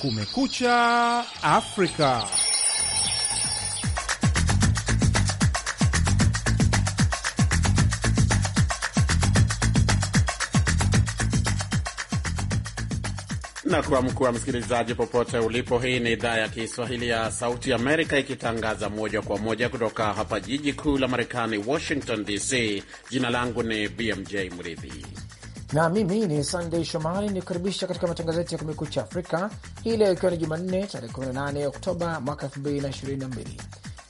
Kumekucha Afrika. na kwa wa msikilizaji popote ulipo, hii ni idhaa ya Kiswahili ya Sauti Amerika ikitangaza moja kwa moja kutoka hapa jiji kuu la Marekani, Washington DC. Jina langu ni BMJ Mridhi na mimi ni Sandey Shomari ni kukaribisha katika matangazo yetu ya Kumekucha Afrika hii leo, ikiwa ni Jumanne tarehe 18 Oktoba mwaka 2022.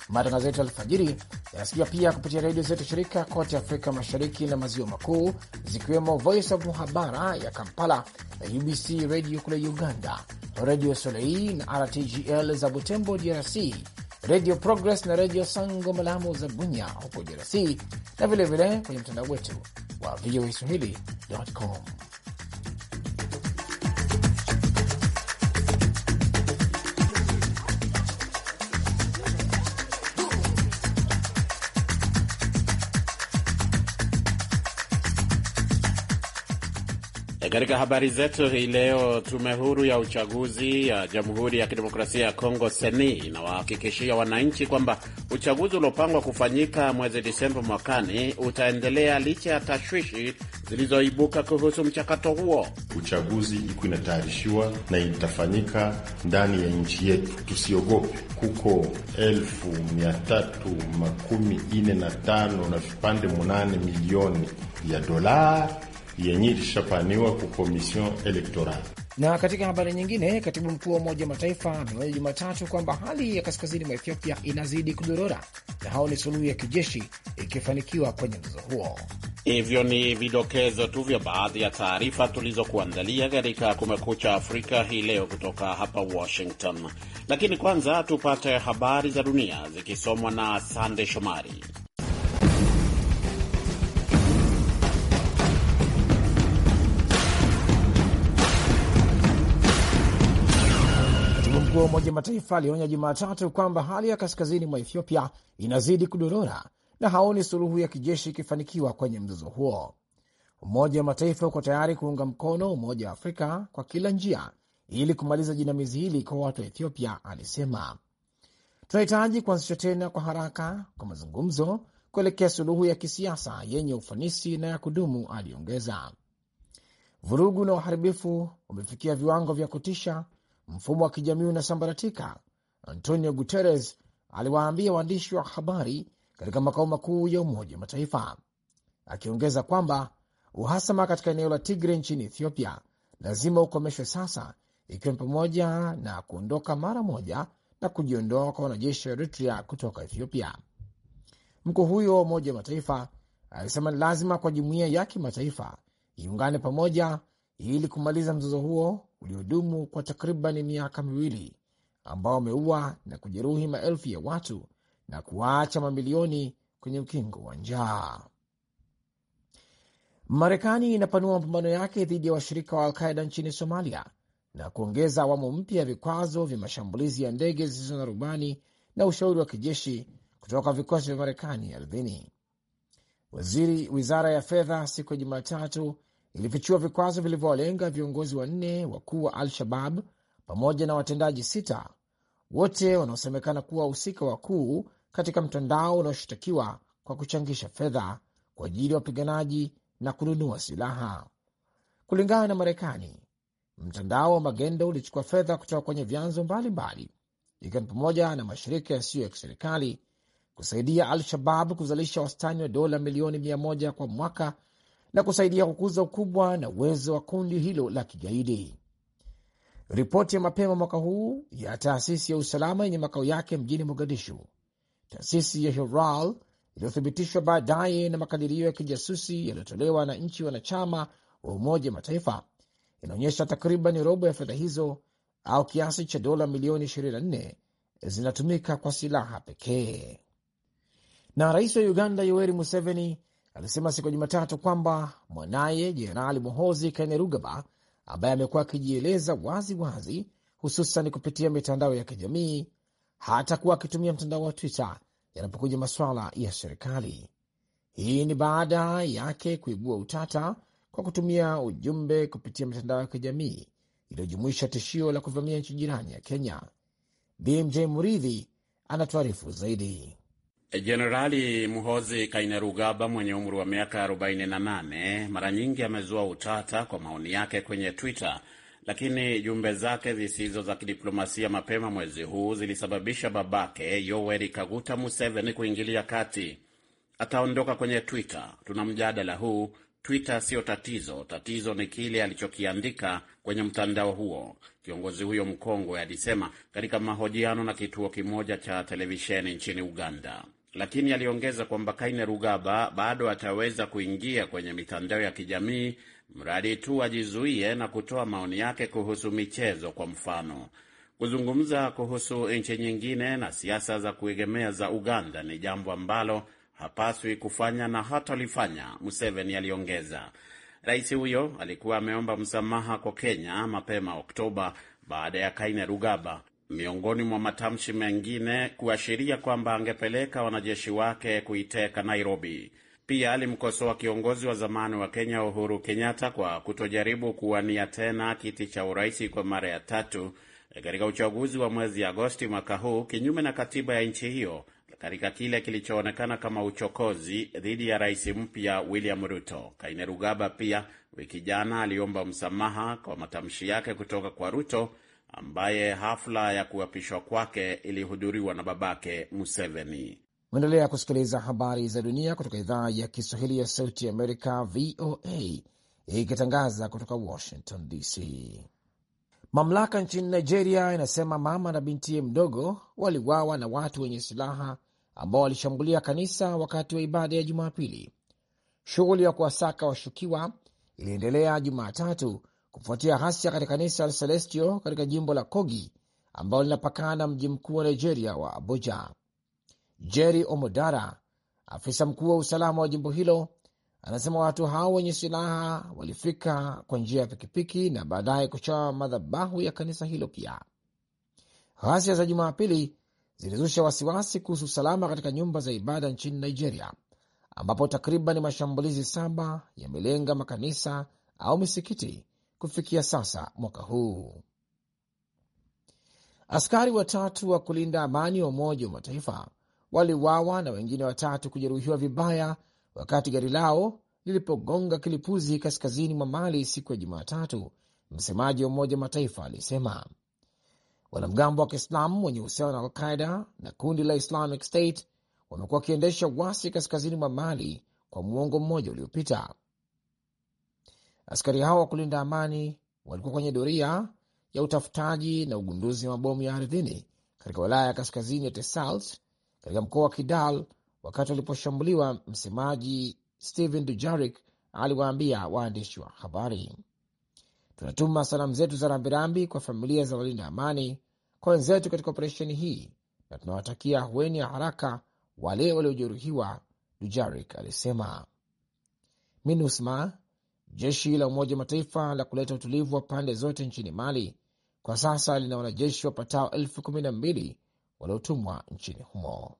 Matangazo yetu ya alfajiri yanasikia pia kupitia redio zetu shirika kote Afrika Mashariki na Maziwa Makuu, zikiwemo Voice of Muhabara ya Kampala na UBC Redio kule Uganda, Redio Solei na RTGL za Butembo, DRC, Radio Progress na Radio Sango Malamu za Bunya huko DRC na vilevile kwenye mtandao wetu wa VOA Swahili.com. Katika habari zetu hii leo, tume huru ya uchaguzi ya Jamhuri ya Kidemokrasia ya Kongo seni inawahakikishia wananchi kwamba uchaguzi uliopangwa kufanyika mwezi Disemba mwakani utaendelea licha ya tashwishi zilizoibuka kuhusu mchakato huo. Uchaguzi iko inatayarishiwa na itafanyika ndani ya nchi yetu, tusiogope. Kuko elfu mia tatu makumi ine na tano na vipande munane milioni ya dolari yenye ilishapaniwa ku komision elektorali. Na katika habari nyingine, katibu mkuu wa Umoja Mataifa ameonya Jumatatu kwamba hali ya kaskazini mwa Ethiopia inazidi kudorora na hao ni suluhu ya kijeshi ikifanikiwa kwenye mzozo huo. Hivyo ni vidokezo tu vya baadhi ya taarifa tulizokuandalia katika Kumekucha Afrika hii leo kutoka hapa Washington, lakini kwanza tupate habari za dunia zikisomwa na Sande Shomari. wa Umoja Mataifa alionya Jumatatu kwamba hali ya kaskazini mwa Ethiopia inazidi kudorora na haoni suluhu ya kijeshi ikifanikiwa kwenye mzozo huo. Umoja wa Mataifa uko tayari kuunga mkono Umoja wa Afrika kwa kila njia ili kumaliza jinamizi hili kwa watu wa Ethiopia, alisema. Tunahitaji kuanzisha tena kwa haraka kwa mazungumzo kuelekea suluhu ya kisiasa yenye ufanisi na ya kudumu, aliongeza. Vurugu na uharibifu umefikia viwango vya kutisha mfumo wa kijamii unasambaratika, Antonio Guterres aliwaambia waandishi wa habari katika makao makuu ya Umoja wa Mataifa, akiongeza kwamba uhasama katika eneo la Tigre nchini Ethiopia lazima ukomeshwe sasa, ikiwa ni pamoja na kuondoka mara moja na kujiondoa kwa wanajeshi wa Eritrea kutoka Ethiopia. Mkuu huyo wa Umoja wa Mataifa alisema ni lazima kwa jumuiya ya kimataifa iungane pamoja ili kumaliza mzozo huo uliodumu kwa takriban miaka miwili ambao wameua na kujeruhi maelfu ya watu na kuwaacha mamilioni kwenye ukingo wa njaa. Marekani inapanua mapambano yake dhidi ya washirika wa, Alqaida nchini Somalia na kuongeza awamu mpya ya vikwazo vya mashambulizi ya ndege zisizo na rubani na ushauri wa kijeshi kutoka vikosi vya Marekani ardhini. Waziri wizara ya fedha siku ya Jumatatu ilifichua vikwazo vilivyowalenga viongozi wanne wakuu wa Al-Shabab pamoja na watendaji sita, wote wanaosemekana kuwa wahusika wakuu katika mtandao unaoshtakiwa kwa kuchangisha fedha kwa ajili ya wapiganaji na kununua silaha. Kulingana na Marekani, mtandao wa magendo ulichukua fedha kutoka kwenye vyanzo mbalimbali, ikiwa ni pamoja na mashirika yasiyo ya kiserikali kusaidia Al-Shabab kuzalisha wastani wa dola milioni mia moja kwa mwaka na kusaidia kukuza ukubwa na uwezo wa kundi hilo la kigaidi. Ripoti ya mapema mwaka huu ya taasisi ya usalama yenye makao yake mjini Mogadishu, taasisi ya Hiral iliyothibitishwa baadaye na makadirio ya kijasusi yaliyotolewa na nchi wanachama wa Umoja Mataifa inaonyesha takriban robo ya fedha hizo au kiasi cha dola milioni 24 zinatumika kwa silaha pekee. Na rais wa Uganda Yoweri Museveni alisema siku ya Jumatatu kwamba mwanaye Jenerali mohozi Kainerugaba, ambaye amekuwa akijieleza wazi wazi, hususan kupitia mitandao ya kijamii, hatakuwa akitumia mtandao wa Twitter yanapokuja masuala ya serikali. Hii ni baada yake kuibua utata kwa kutumia ujumbe kupitia mitandao ya kijamii iliyojumuisha tishio la kuvamia nchi jirani ya Kenya. BMJ Muridhi anatuarifu zaidi. Jenerali Muhozi Kainerugaba mwenye umri wa miaka 48 mara nyingi amezua utata kwa maoni yake kwenye Twitter, lakini jumbe zake zisizo za kidiplomasia mapema mwezi huu zilisababisha babake Yoweri Kaguta Museveni kuingilia kati. Ataondoka kwenye Twitter, tuna mjadala huu. Twitter siyo tatizo, tatizo ni kile alichokiandika kwenye mtandao huo, kiongozi huyo mkongwe alisema katika mahojiano na kituo kimoja cha televisheni nchini Uganda. Lakini aliongeza kwamba Kaine Rugaba bado ataweza kuingia kwenye mitandao ya kijamii mradi tu ajizuie na kutoa maoni yake kuhusu michezo, kwa mfano. Kuzungumza kuhusu nchi nyingine na siasa za kuegemea za Uganda ni jambo ambalo hapaswi kufanya na hatalifanya Museveni aliongeza. Rais huyo alikuwa ameomba msamaha kwa Kenya mapema Oktoba baada ya kaine rugaba miongoni mwa matamshi mengine kuashiria kwamba angepeleka wanajeshi wake kuiteka Nairobi. Pia alimkosoa kiongozi wa zamani wa Kenya Uhuru Kenyatta kwa kutojaribu kuwania tena kiti cha uraisi kwa mara ya tatu katika uchaguzi wa mwezi Agosti mwaka huu, kinyume na katiba ya nchi hiyo, katika kile kilichoonekana kama uchokozi dhidi ya rais mpya William Ruto. Kainerugaba pia wiki jana aliomba msamaha kwa matamshi yake kutoka kwa Ruto ambaye hafla ya kuapishwa kwake ilihudhuriwa na babake Museveni. Unaendelea kusikiliza habari za dunia kutoka idhaa ya Kiswahili ya Sauti ya Amerika, VOA, ikitangaza kutoka Washington DC. Mamlaka nchini Nigeria inasema mama na bintiye mdogo waliwawa na watu wenye silaha ambao walishambulia kanisa wakati wa ibada ya Jumapili. Shughuli ya kuwasaka washukiwa iliendelea Jumatatu kufuatia ghasia katika kanisa la Celestio katika jimbo la Kogi ambalo linapakana mji mkuu wa Nigeria wa Abuja. Jerry Omodara, afisa mkuu wa usalama wa jimbo hilo, anasema watu hao wenye silaha walifika kwa njia ya pikipiki na baadaye kuchoma madhabahu ya kanisa hilo. Pia ghasia za Jumapili zilizusha wasiwasi kuhusu usalama katika nyumba za ibada nchini Nigeria, ambapo takriban mashambulizi saba yamelenga makanisa au misikiti kufikia sasa mwaka huu. Askari watatu wa kulinda amani wa Umoja wa Mataifa waliuawa na wengine watatu kujeruhiwa vibaya wakati gari lao lilipogonga kilipuzi kaskazini mwa Mali siku ya Jumatatu. Msemaji wa Umoja wa Mataifa alisema wanamgambo wa Kiislamu wenye uhusiano na Alqaida na kundi la Islamic State wamekuwa wakiendesha wasi kaskazini mwa Mali kwa muongo mmoja uliopita, Askari hao wa kulinda amani walikuwa kwenye doria ya utafutaji na ugunduzi wa mabomu ya ardhini katika wilaya ya kaskazini ya Tesalt katika mkoa wa Kidal wakati waliposhambuliwa. Msemaji Stephen Dujarik aliwaambia waandishi wa habari, tunatuma salamu zetu za rambirambi kwa familia za walinda amani, kwa wenzetu katika operesheni hii, na tunawatakia hueni ya haraka wale waliojeruhiwa, Dujarik alisema. MINUSMA Jeshi la Umoja Mataifa la kuleta utulivu wa pande zote nchini Mali kwa sasa lina wanajeshi wapatao elfu kumi na mbili waliotumwa nchini humo.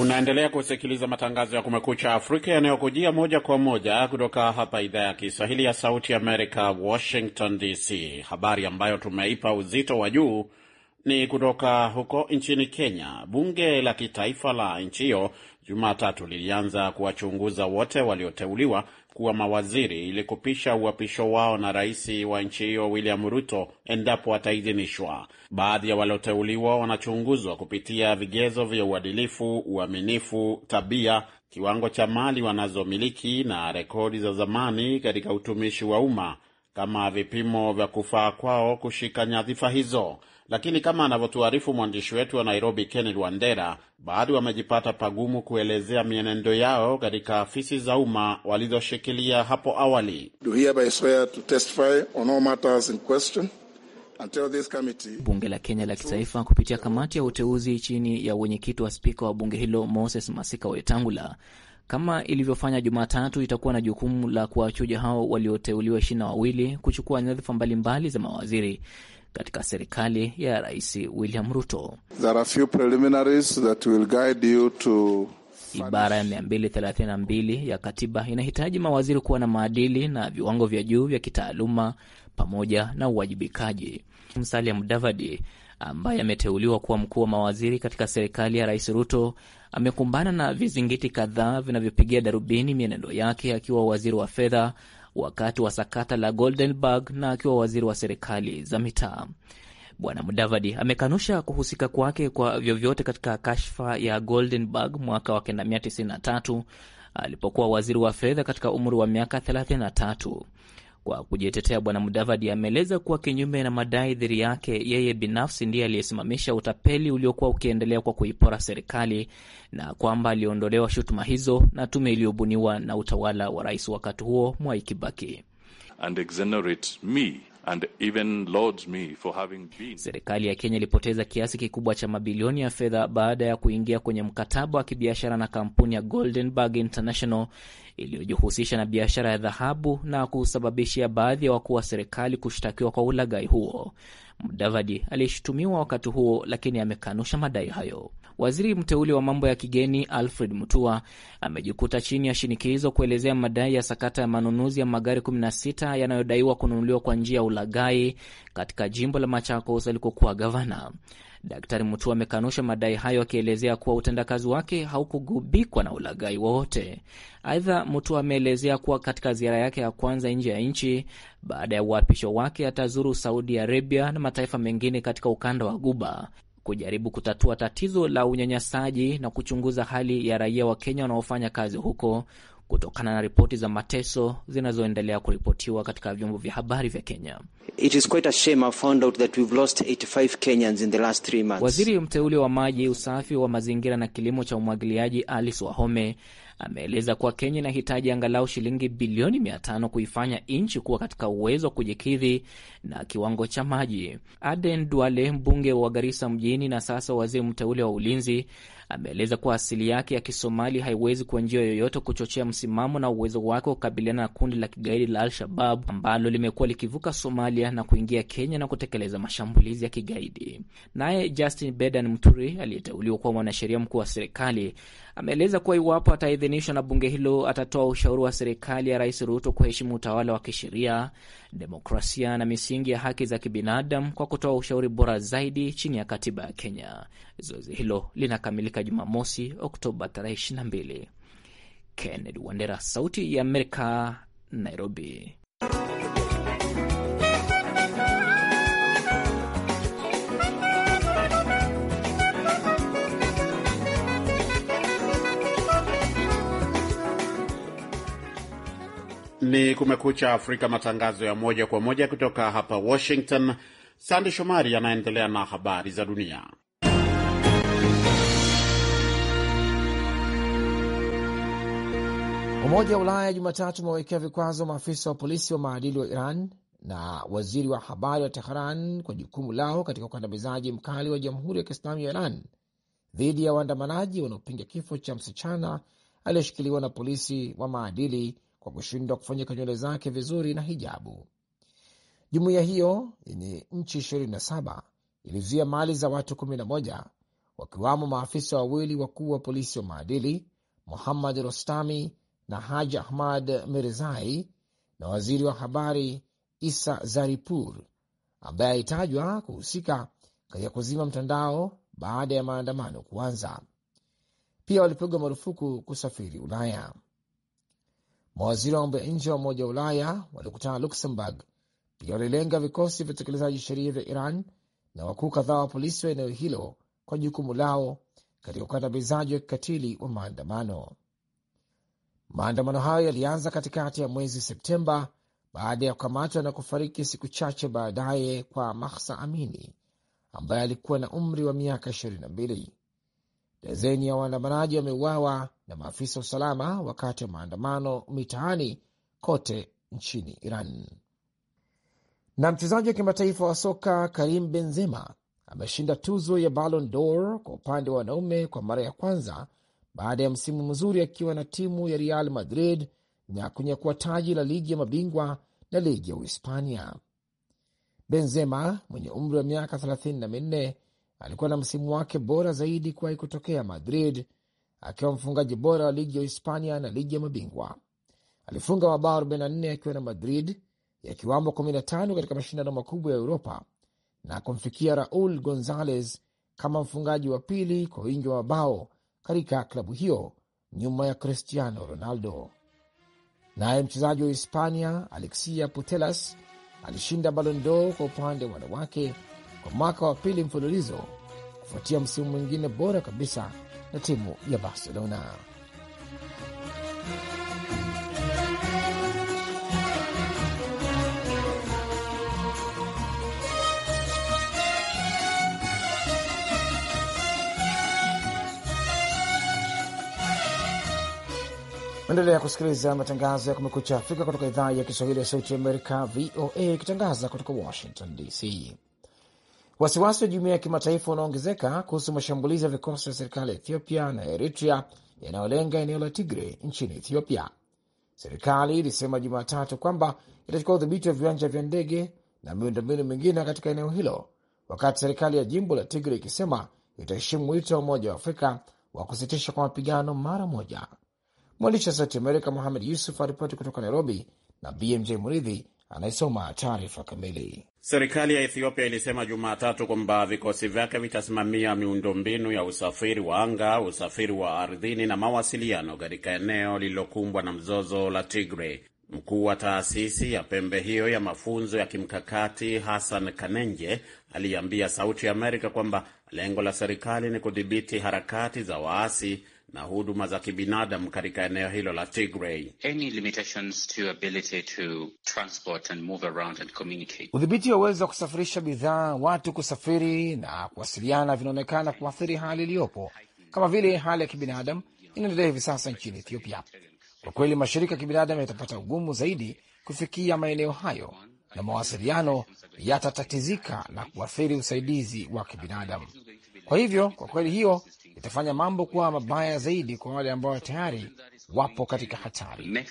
Unaendelea kusikiliza matangazo ya Kumekucha Afrika yanayokujia moja kwa moja kutoka hapa idhaa ya Kiswahili ya Sauti Amerika, Washington DC. Habari ambayo tumeipa uzito wa juu ni kutoka huko nchini Kenya. Bunge la kitaifa la nchi hiyo Jumatatu lilianza kuwachunguza wote walioteuliwa kuwa mawaziri ili kupisha uapisho wao na rais wa nchi hiyo William Ruto endapo ataidhinishwa. Baadhi ya walioteuliwa wanachunguzwa kupitia vigezo vya uadilifu, uaminifu, tabia, kiwango cha mali wanazomiliki na rekodi za zamani katika utumishi wa umma kama vipimo vya kufaa kwao kushika nyadhifa hizo. Lakini kama anavyotuarifu mwandishi wetu wa Nairobi, kenned Wandera, baadhi wamejipata pagumu kuelezea mienendo yao katika afisi za umma walizoshikilia hapo awali. Bunge la Kenya la Kitaifa kupitia kamati ya uteuzi chini ya wenyekiti wa spika wa bunge hilo Moses Masika Wetangula kama ilivyofanya Jumatatu, itakuwa na jukumu la kuwachuja hao walioteuliwa ishirini na wawili kuchukua nyadhifa mbalimbali za mawaziri katika serikali ya Rais William Ruto. There are few preliminaries that will guide you to Ibara ya 232 ya katiba inahitaji mawaziri kuwa na maadili na viwango vya juu vya kitaaluma pamoja na uwajibikaji. Musalia Mudavadi ambaye ameteuliwa kuwa mkuu wa mawaziri katika serikali ya Rais Ruto amekumbana na vizingiti kadhaa vinavyopigia darubini mienendo yake akiwa waziri wa fedha wakati wa sakata la Goldenberg na akiwa waziri wa serikali za mitaa. Bwana Mudavadi amekanusha kuhusika kwake kwa vyovyote katika kashfa ya Goldenberg mwaka wa 1993 alipokuwa waziri wa fedha katika umri wa miaka 33. Kwa kujitetea, Bwana Mudavadi ameeleza kuwa kinyume na madai dhidi yake, yeye binafsi ndiye aliyesimamisha utapeli uliokuwa ukiendelea kwa kuipora serikali na kwamba aliondolewa shutuma hizo na tume iliyobuniwa na utawala wa rais wakati huo Mwai Kibaki. And exonerate me and even lauds me for having been. Serikali ya Kenya ilipoteza kiasi kikubwa cha mabilioni ya fedha baada ya kuingia kwenye mkataba wa kibiashara na kampuni ya goldenburg International iliyojihusisha na biashara ya dhahabu na kusababishia baadhi ya wakuu wa serikali kushtakiwa kwa ulaghai huo. Mudavadi alishutumiwa wakati huo, lakini amekanusha madai hayo waziri mteule wa mambo ya kigeni Alfred Mutua amejikuta chini ya shinikizo kuelezea madai ya sakata ya manunuzi ya magari 16 yanayodaiwa kununuliwa kwa njia ya ulagai katika jimbo la Machakos alikokuwa gavana. Daktari Mutua amekanusha madai hayo akielezea kuwa utendakazi wake haukugubikwa na ulagai wowote. Aidha, Mutua ameelezea kuwa katika ziara yake ya kwanza nje ya nchi baada ya uhapisho wake atazuru Saudi Arabia na mataifa mengine katika ukanda wa Guba kujaribu kutatua tatizo la unyanyasaji na kuchunguza hali ya raia wa Kenya wanaofanya kazi huko kutokana na ripoti za mateso zinazoendelea kuripotiwa katika vyombo vya habari vya Kenya. Waziri mteule wa maji, usafi wa mazingira na kilimo cha umwagiliaji Alice Wahome ameeleza kuwa Kenya inahitaji angalau shilingi bilioni mia tano kuifanya nchi kuwa katika uwezo wa kujikidhi na kiwango cha maji. Aden Duale, mbunge wa Garisa mjini na sasa waziri mteule wa ulinzi, ameeleza kuwa asili yake ya Kisomali haiwezi kwa njia yoyote kuchochea msimamo na uwezo wake wa kukabiliana na kundi la kigaidi la Al-Shabab ambalo limekuwa likivuka Somalia na kuingia Kenya na kutekeleza mashambulizi ya kigaidi. Naye Justin Bedan Mturi aliyeteuliwa kuwa mwanasheria mkuu wa serikali ameeleza kuwa iwapo ataidhi kuidhinishwa na bunge hilo atatoa ushauri wa serikali ya Rais Ruto kuheshimu utawala wa kisheria, demokrasia na misingi ya haki za kibinadamu kwa kutoa ushauri bora zaidi chini ya katiba ya Kenya. Zoezi hilo linakamilika Jumamosi, Oktoba tarehe 22. Kennedy Wandera, Sauti ya Amerika, Nairobi. Ni Kumekucha Afrika, matangazo ya moja kwa moja kutoka hapa Washington. Sande Shomari anaendelea na habari za dunia. Umoja wa Ulaya Jumatatu umewekea vikwazo maafisa wa polisi wa maadili wa Iran na waziri wa habari wa Teheran kwa jukumu lao katika ukandamizaji mkali wa Jamhuri ya Kiislamu ya Iran dhidi ya waandamanaji wanaopinga kifo cha msichana aliyeshikiliwa na polisi wa maadili kwa kushindwa kufanyika nywele zake vizuri na hijabu. Jumuiya hiyo yenye nchi 27 ilizuia mali za watu 11 wakiwamo maafisa wawili wakuu wa polisi wa maadili Muhammad Rostami na Haji Ahmad Mirzai na waziri wa habari Isa Zaripur ambaye alitajwa kuhusika katika kuzima mtandao baada ya maandamano kuanza. Pia walipigwa marufuku kusafiri Ulaya. Mawaziri wa mambo ya nje wa Umoja wa Ulaya walikutana Luxembourg, pia walilenga vikosi vya utekelezaji sheria vya Iran na wakuu kadhaa wa polisi wa eneo hilo kwa jukumu lao katika ukandamizaji wa kikatili wa maandamano. Maandamano hayo yalianza katikati ya mwezi Septemba baada ya kukamatwa na kufariki siku chache baadaye kwa Mahsa Amini ambaye alikuwa na umri wa miaka ishirini na mbili. Dazeni ya waandamanaji wameuawa na maafisa wa usalama wakati wa maandamano mitaani kote nchini Iran. Na mchezaji wa kimataifa wa soka Karim Benzema ameshinda tuzo ya Ballon d'Or kwa upande wa wanaume kwa mara ya kwanza baada ya msimu mzuri akiwa na timu ya Real Madrid na kunyakua taji la ligi ya mabingwa na ligi ya Uhispania. Benzema mwenye umri wa miaka minne alikuwa na msimu wake bora zaidi kuwahi kutokea Madrid, akiwa mfungaji bora wa ligi ya Hispania na ligi ya mabingwa. Alifunga mabao 44 akiwa na Madrid, yakiwamo 15 katika mashindano makubwa ya Uropa na kumfikia Raul Gonzalez kama mfungaji wa pili kwa wingi wa mabao katika klabu hiyo nyuma ya Cristiano Ronaldo. Naye mchezaji wa Hispania Alexia Putelas alishinda Ballon d'Or kwa upande wa wanawake kwa mwaka wa pili mfululizo kufuatia msimu mwingine bora kabisa na timu ya Barcelona. Endelea kusikiliza matangazo ya Kumekucha Afrika kutoka idhaa ya Kiswahili ya Sauti ya Amerika, VOA, ikitangaza kutoka Washington DC. Wasiwasi wa jumuiya ya kimataifa unaongezeka kuhusu mashambulizi ya vikosi vya serikali ya Ethiopia na Eritrea yanayolenga eneo la Tigre nchini Ethiopia. Serikali ilisema Jumatatu kwamba itachukua udhibiti wa viwanja vya ndege na miundombinu mingine katika eneo hilo, wakati serikali ya jimbo la Tigre ikisema itaheshimu wito wa Umoja wa Afrika wa kusitisha kwa mapigano mara moja. Mwandishi wa Sauti Amerika Muhamed Yusuf aripoti kutoka Nairobi na BMJ Muridhi anayesoma taarifa kamili. Serikali ya Ethiopia ilisema Jumatatu kwamba vikosi vyake vitasimamia miundombinu ya usafiri wa anga, usafiri wa ardhini na mawasiliano katika eneo lililokumbwa na mzozo la tigre Mkuu wa taasisi ya pembe hiyo ya mafunzo ya kimkakati Hassan Kanenje aliambia Sauti ya Amerika kwamba lengo la serikali ni kudhibiti harakati za waasi na huduma za kibinadamu katika eneo hilo la Tigray. Udhibiti wa uwezo wa kusafirisha bidhaa, watu kusafiri na kuwasiliana vinaonekana kuathiri hali iliyopo, kama vile hali ya kibinadamu inaendelea hivi sasa nchini Ethiopia. Kwa kweli, mashirika ya kibinadamu yatapata ugumu zaidi kufikia maeneo hayo na mawasiliano yatatatizika na kuathiri usaidizi wa kibinadamu. Kwa hivyo, kwa kweli hiyo itafanya mambo kuwa mabaya zaidi kwa wale ambao tayari wapo katika hatari.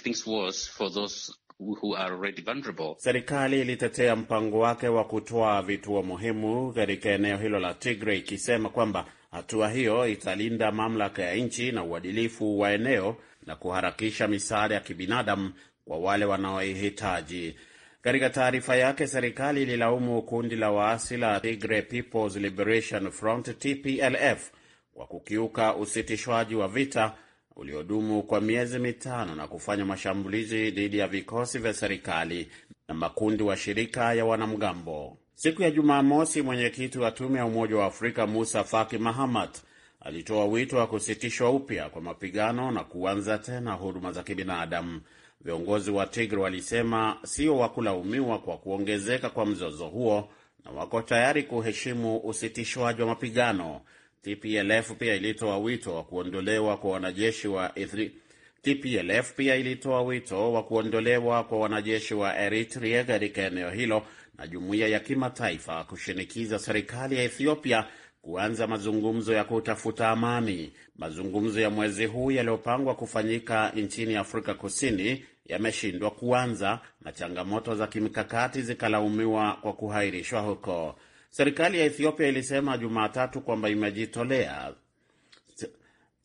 Serikali ilitetea mpango wake wa kutoa vituo muhimu katika eneo hilo la Tigray ikisema kwamba hatua hiyo italinda mamlaka ya nchi na uadilifu wa eneo na kuharakisha misaada ya kibinadamu kwa wale wanaoihitaji. Katika taarifa yake, serikali ililaumu kundi la waasi la Tigray People's Liberation Front TPLF kwa kukiuka usitishwaji wa vita uliodumu kwa miezi mitano na kufanya mashambulizi dhidi ya vikosi vya serikali na makundi wa shirika ya wanamgambo. Siku ya Jumamosi, mwenyekiti wa tume ya Umoja wa Afrika Musa Faki Mahamat alitoa wito wa kusitishwa upya kwa mapigano na kuanza tena huduma za kibinadamu. Viongozi wa Tigri walisema sio wa kulaumiwa kwa kuongezeka kwa mzozo huo na wako tayari kuheshimu usitishwaji wa mapigano. TPLF pia ilitoa wito wa kuondolewa kwa wanajeshi wa Ethri... TPLF pia ilitoa wito wa kuondolewa kwa wanajeshi wa Eritrea katika eneo hilo na jumuiya ya kimataifa kushinikiza serikali ya Ethiopia kuanza mazungumzo ya kutafuta amani. Mazungumzo ya mwezi huu yaliyopangwa kufanyika nchini Afrika Kusini yameshindwa kuanza na changamoto za kimkakati zikalaumiwa kwa kuhairishwa huko. Serikali ya Ethiopia ilisema Jumatatu kwamba imejitolea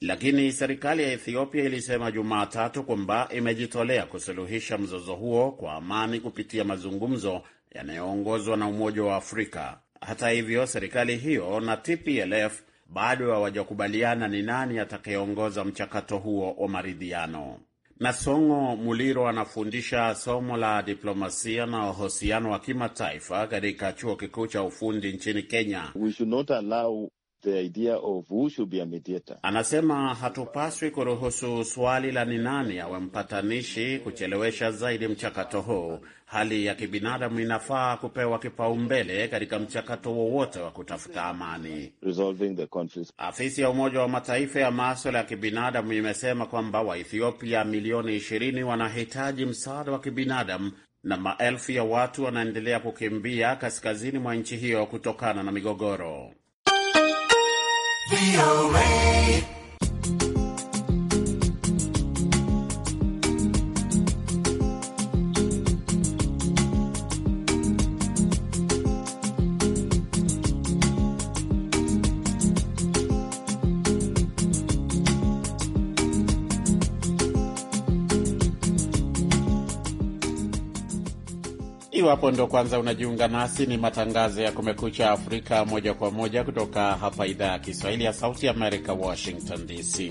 lakini serikali ya Ethiopia ilisema Jumatatu kwamba imejitolea kusuluhisha mzozo huo kwa amani kupitia mazungumzo yanayoongozwa na Umoja wa Afrika. Hata hivyo, serikali hiyo na TPLF bado hawajakubaliana ni nani atakayeongoza mchakato huo wa maridhiano. Nasongo Muliro anafundisha somo la diplomasia na uhusiano wa kimataifa katika chuo kikuu cha ufundi nchini Kenya. We should not allow The idea of who should be a mediator. Anasema hatupaswi kuruhusu swali la ni nani awe mpatanishi kuchelewesha zaidi mchakato huu. Hali ya kibinadamu inafaa kupewa kipaumbele katika mchakato wowote wa kutafuta amani. Resolving the conflict. Afisi ya Umoja wa Mataifa ya maswala ya kibinadamu imesema kwamba Waethiopia milioni 20 wanahitaji msaada wa kibinadamu na maelfu ya watu wanaendelea kukimbia kaskazini mwa nchi hiyo kutokana na migogoro. VOA. hapo ndo kwanza unajiunga nasi, ni matangazo ya Kumekucha Afrika moja kwa moja kutoka hapa idhaa ya Kiswahili ya Sauti Amerika, Washington DC.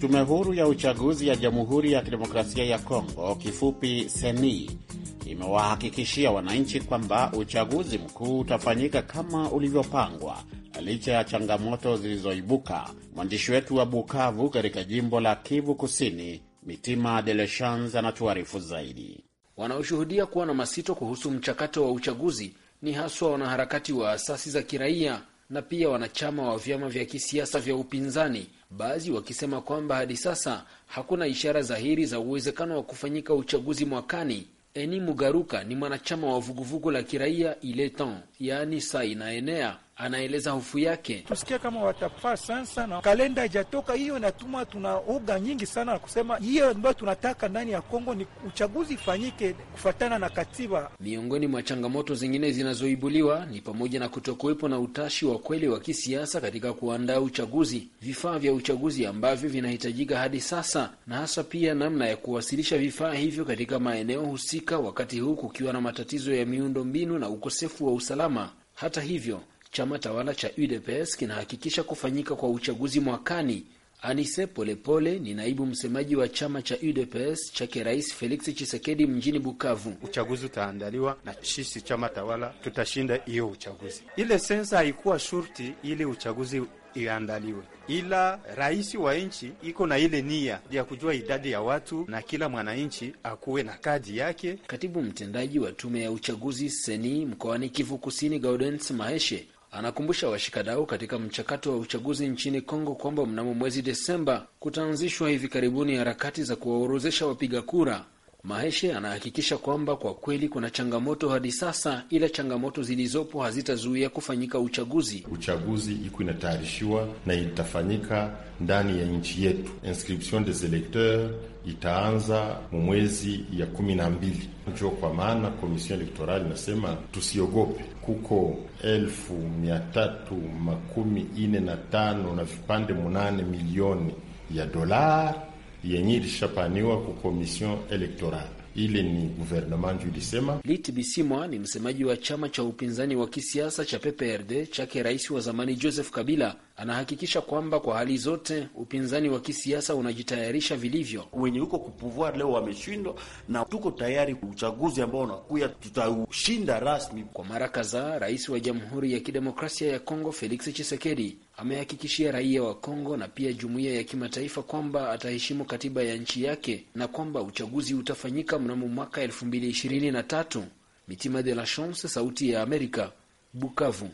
Tume huru ya uchaguzi ya Jamhuri ya Kidemokrasia ya Kongo, kifupi seni imewahakikishia wananchi kwamba uchaguzi mkuu utafanyika kama ulivyopangwa licha ya changamoto zilizoibuka. Mwandishi wetu wa Bukavu katika jimbo la Kivu Kusini, Mitima De Lechans, anatuarifu zaidi. Wanaoshuhudia kuwa na masito kuhusu mchakato wa uchaguzi ni haswa wanaharakati wa asasi za kiraia na pia wanachama wa vyama vya kisiasa vya upinzani, baadhi wakisema kwamba hadi sasa hakuna ishara dhahiri za uwezekano wa kufanyika uchaguzi mwakani. Eni Mugaruka ni mwanachama wa vuguvugu la kiraia Iletan, yani yaani saa inaenea anaeleza hofu yake. Tusikia kama watafaa sansa na kalenda ijatoka hiyo, inatuma tuna oga nyingi sana na kusema hiyo ambayo tunataka ndani ya Kongo ni uchaguzi ifanyike kufatana na katiba. Miongoni mwa changamoto zingine zinazoibuliwa ni pamoja na kutokuwepo na utashi wa kweli wa kisiasa katika kuandaa uchaguzi, vifaa vya uchaguzi ambavyo vinahitajika hadi sasa, na hasa pia namna ya kuwasilisha vifaa hivyo katika maeneo husika, wakati huu kukiwa na matatizo ya miundo mbinu na ukosefu wa usalama. Hata hivyo chama tawala cha UDPS kinahakikisha kufanyika kwa uchaguzi mwakani. Anise Polepole ni naibu msemaji wa chama cha UDPS chake Rais Felix chisekedi mjini Bukavu. Uchaguzi utaandaliwa na sisi chama tawala tutashinda hiyo uchaguzi. Ile sensa haikuwa shurti ili uchaguzi iandaliwe, ila rais wa nchi iko na ile nia ya kujua idadi ya watu na kila mwananchi akuwe na kadi yake. Katibu mtendaji wa tume ya uchaguzi seni mkoani Kivu Kusini, Gaudens Maheshe Anakumbusha washikadau katika mchakato wa uchaguzi nchini Kongo kwamba mnamo mwezi Desemba kutaanzishwa hivi karibuni harakati za kuwaorozesha wapiga kura Maeshe anahakikisha kwamba kwa kweli kuna changamoto hadi sasa, ila changamoto zilizopo hazitazuia kufanyika uchaguzi. Uchaguzi iko inatayarishiwa na itafanyika ndani ya nchi yetu. Inscription des electeurs itaanza mu mwezi ya kumi na mbili njo kwa maana komision elektorali inasema tusiogope. Kuko elfu mia tatu makumi ine na tano na vipande munane milioni ya dolari yenye ilishapaniwa ku komision elektorale ile ni guvernement julisema Lit Bisimwa ni msemaji wa chama cha upinzani wa kisiasa cha PPRD chake rais wa zamani Joseph Kabila anahakikisha kwamba kwa hali zote upinzani wa kisiasa unajitayarisha vilivyo. Wenye huko kupuvoir leo wameshindwa, na tuko tayari uchaguzi ambao unakuya tutaushinda rasmi. Kwa mara kadhaa, rais wa Jamhuri ya Kidemokrasia ya Kongo Felix Tshisekedi amehakikishia raia wa Kongo na pia jumuiya ya kimataifa kwamba ataheshimu katiba ya nchi yake na kwamba uchaguzi utafanyika mnamo mwaka 223 Mitima de la Chance, Sauti ya Amerika, Bukavu.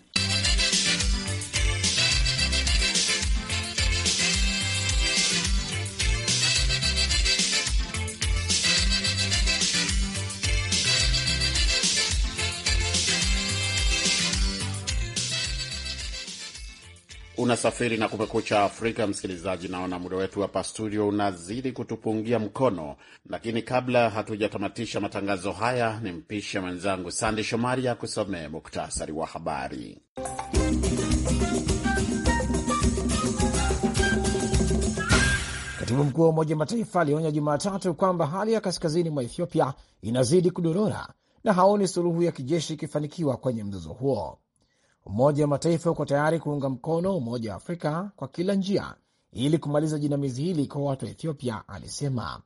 Unasafiri na Kumekucha Afrika, msikilizaji. Naona muda wetu hapa studio unazidi kutupungia mkono, lakini kabla hatujatamatisha matangazo haya, nimpishe mwenzangu Sandi Shomari akusomee muktasari wa habari. Katibu mkuu wa Umoja Mataifa alionya Jumatatu kwamba hali ya kaskazini mwa Ethiopia inazidi kudorora na haoni suluhu ya kijeshi ikifanikiwa kwenye mzozo huo. Umoja wa Mataifa uko tayari kuunga mkono Umoja wa Afrika kwa kila njia ili kumaliza jinamizi hili kwa watu wa Ethiopia, alisema.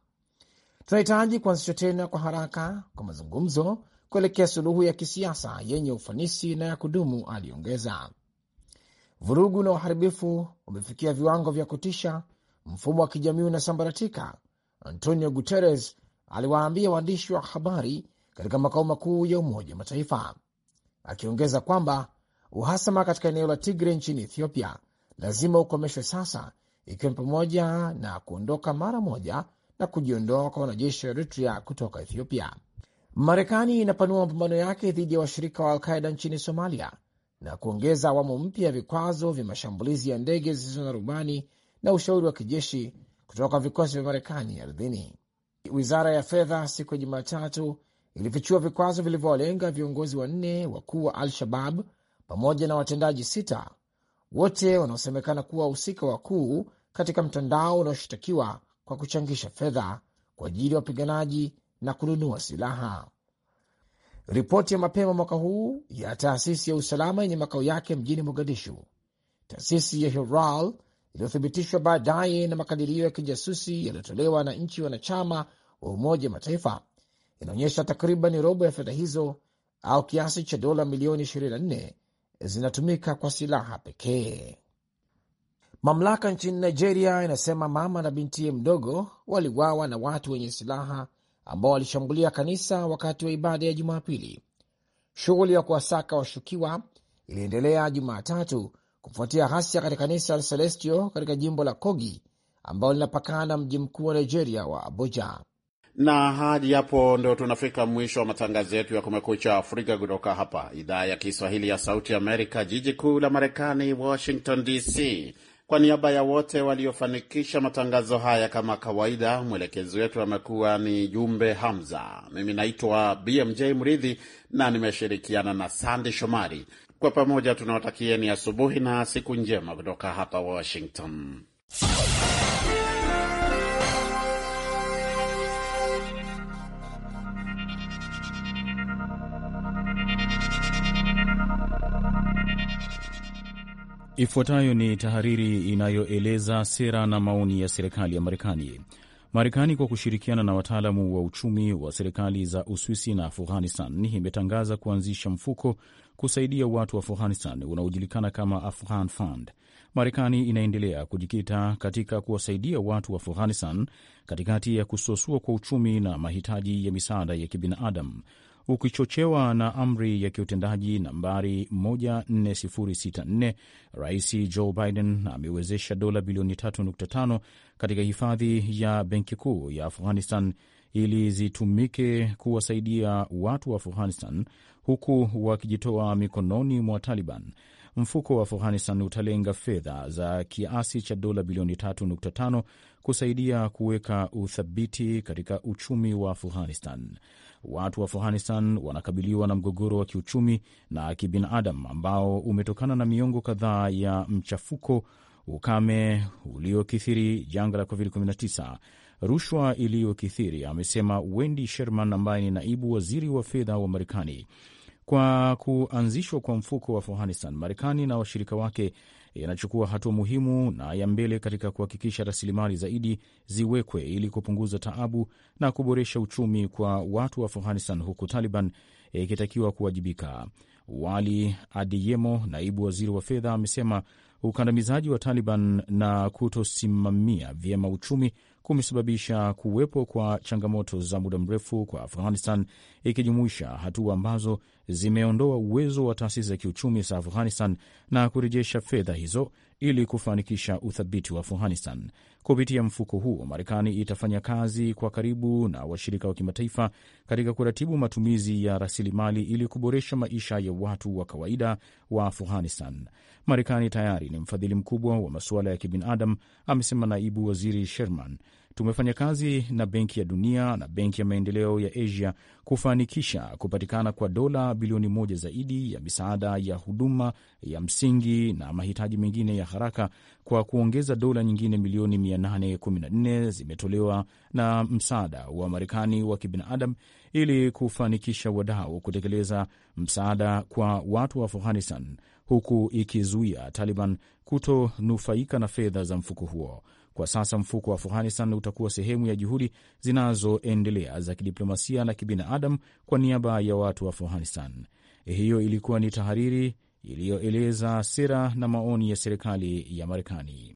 Tunahitaji kuanzishwa tena kwa haraka kwa mazungumzo kuelekea suluhu ya kisiasa yenye ufanisi na ya kudumu, aliongeza. Vurugu na uharibifu umefikia viwango vya kutisha, mfumo wa kijamii unasambaratika, Antonio Guterres aliwaambia waandishi wa habari katika makao makuu ya Umoja wa Mataifa, akiongeza kwamba Uhasama katika eneo la Tigre nchini Ethiopia lazima ukomeshwe sasa, ikiwa ni pamoja na kuondoka mara moja na kujiondoa kwa wanajeshi wa Eritrea kutoka Ethiopia. Marekani inapanua mapambano yake dhidi ya washirika wa Alqaida nchini Somalia na kuongeza awamu mpya ya vikwazo vya mashambulizi ya ndege zisizo na rubani na ushauri wa kijeshi kutoka vikosi vya Marekani ardhini. Wizara ya fedha siku ya Jumatatu ilifichua vikwazo vilivyowalenga viongozi wanne wakuu wa Al-Shabab pamoja na watendaji sita wote wanaosemekana kuwa wahusika wakuu katika mtandao unaoshitakiwa kwa kuchangisha fedha kwa ajili ya wapiganaji na kununua silaha. Ripoti ya mapema mwaka huu ya taasisi ya usalama yenye makao yake mjini Mogadishu, taasisi ya Hiral iliyothibitishwa baadaye na makadirio ya kijasusi yaliyotolewa na nchi wanachama wa Umoja Mataifa, inaonyesha takriban robo ya fedha hizo au kiasi cha dola milioni 24 zinatumika kwa silaha pekee. Mamlaka nchini Nigeria inasema mama na bintiye mdogo waliwawa na watu wenye silaha ambao walishambulia kanisa wakati wa ibada ya Jumapili. Shughuli ya kuwasaka washukiwa iliendelea Jumatatu kufuatia ghasia katika kanisa la Celestio katika jimbo la Kogi ambalo linapakana mji mkuu wa Nigeria wa Abuja na hadi hapo ndo tunafika mwisho wa matangazo yetu ya Kumekucha Afrika kutoka hapa idhaa ya Kiswahili ya Sauti Amerika, jiji kuu la Marekani, Washington DC. Kwa niaba ya wote waliofanikisha matangazo haya, kama kawaida, mwelekezi wetu amekuwa ni Jumbe Hamza. Mimi naitwa BMJ Mridhi na nimeshirikiana na Sandi Shomari. Kwa pamoja tunawatakieni asubuhi na siku njema kutoka hapa Washington. Ifuatayo ni tahariri inayoeleza sera na maoni ya serikali ya Marekani. Marekani kwa kushirikiana na wataalamu wa uchumi wa serikali za Uswisi na Afghanistan imetangaza kuanzisha mfuko kusaidia watu wa Afghanistan unaojulikana kama Afghan Fund. Marekani inaendelea kujikita katika kuwasaidia watu wa Afghanistan katikati ya kusuasua kwa uchumi na mahitaji ya misaada ya kibinadamu ukichochewa na amri ya kiutendaji nambari 14064. Rais Joe Biden amewezesha dola bilioni 3.5 katika hifadhi ya benki kuu ya Afghanistan ili zitumike kuwasaidia watu wa Afghanistan huku wakijitoa mikononi mwa Taliban. Mfuko wa Afghanistan utalenga fedha za kiasi cha dola bilioni 3.5 kusaidia kuweka uthabiti katika uchumi wa Afghanistan. Watu wa Afghanistan wanakabiliwa na mgogoro wa kiuchumi na kibinadamu ambao umetokana na miongo kadhaa ya mchafuko, ukame uliokithiri, janga la COVID-19, rushwa iliyokithiri, amesema Wendy Sherman ambaye ni naibu waziri wa fedha wa Marekani. Kwa kuanzishwa kwa mfuko wa Afghanistan, Marekani na washirika wake yanachukua hatua muhimu na ya mbele katika kuhakikisha rasilimali zaidi ziwekwe ili kupunguza taabu na kuboresha uchumi kwa watu wa Afghanistan, huku Taliban ikitakiwa kuwajibika. Wali Adiyemo, naibu waziri wa fedha, amesema ukandamizaji wa Taliban na kutosimamia vyema uchumi kumesababisha kuwepo kwa changamoto za muda mrefu kwa Afghanistan, ikijumuisha hatua ambazo zimeondoa uwezo wa taasisi za kiuchumi za Afghanistan na kurejesha fedha hizo ili kufanikisha uthabiti wa Afghanistan. Kupitia mfuko huo, Marekani itafanya kazi kwa karibu na washirika wa kimataifa katika kuratibu matumizi ya rasilimali ili kuboresha maisha ya watu wa kawaida wa Afghanistan. Marekani tayari ni mfadhili mkubwa wa masuala ya kibinadamu, amesema naibu waziri Sherman. Tumefanya kazi na Benki ya Dunia na Benki ya Maendeleo ya Asia kufanikisha kupatikana kwa dola bilioni moja zaidi ya misaada ya huduma ya msingi na mahitaji mengine ya haraka. Kwa kuongeza dola nyingine milioni 814 zimetolewa na msaada wa Marekani wa kibinadamu ili kufanikisha wadau kutekeleza msaada kwa watu wa Afghanistan, huku ikizuia Taliban kutonufaika na fedha za mfuko huo. Kwa sasa mfuko wa Afghanistan utakuwa sehemu ya juhudi zinazoendelea za kidiplomasia na kibinadamu kwa niaba ya watu wa Afghanistan. Hiyo ilikuwa ni tahariri iliyoeleza sera na maoni ya serikali ya Marekani.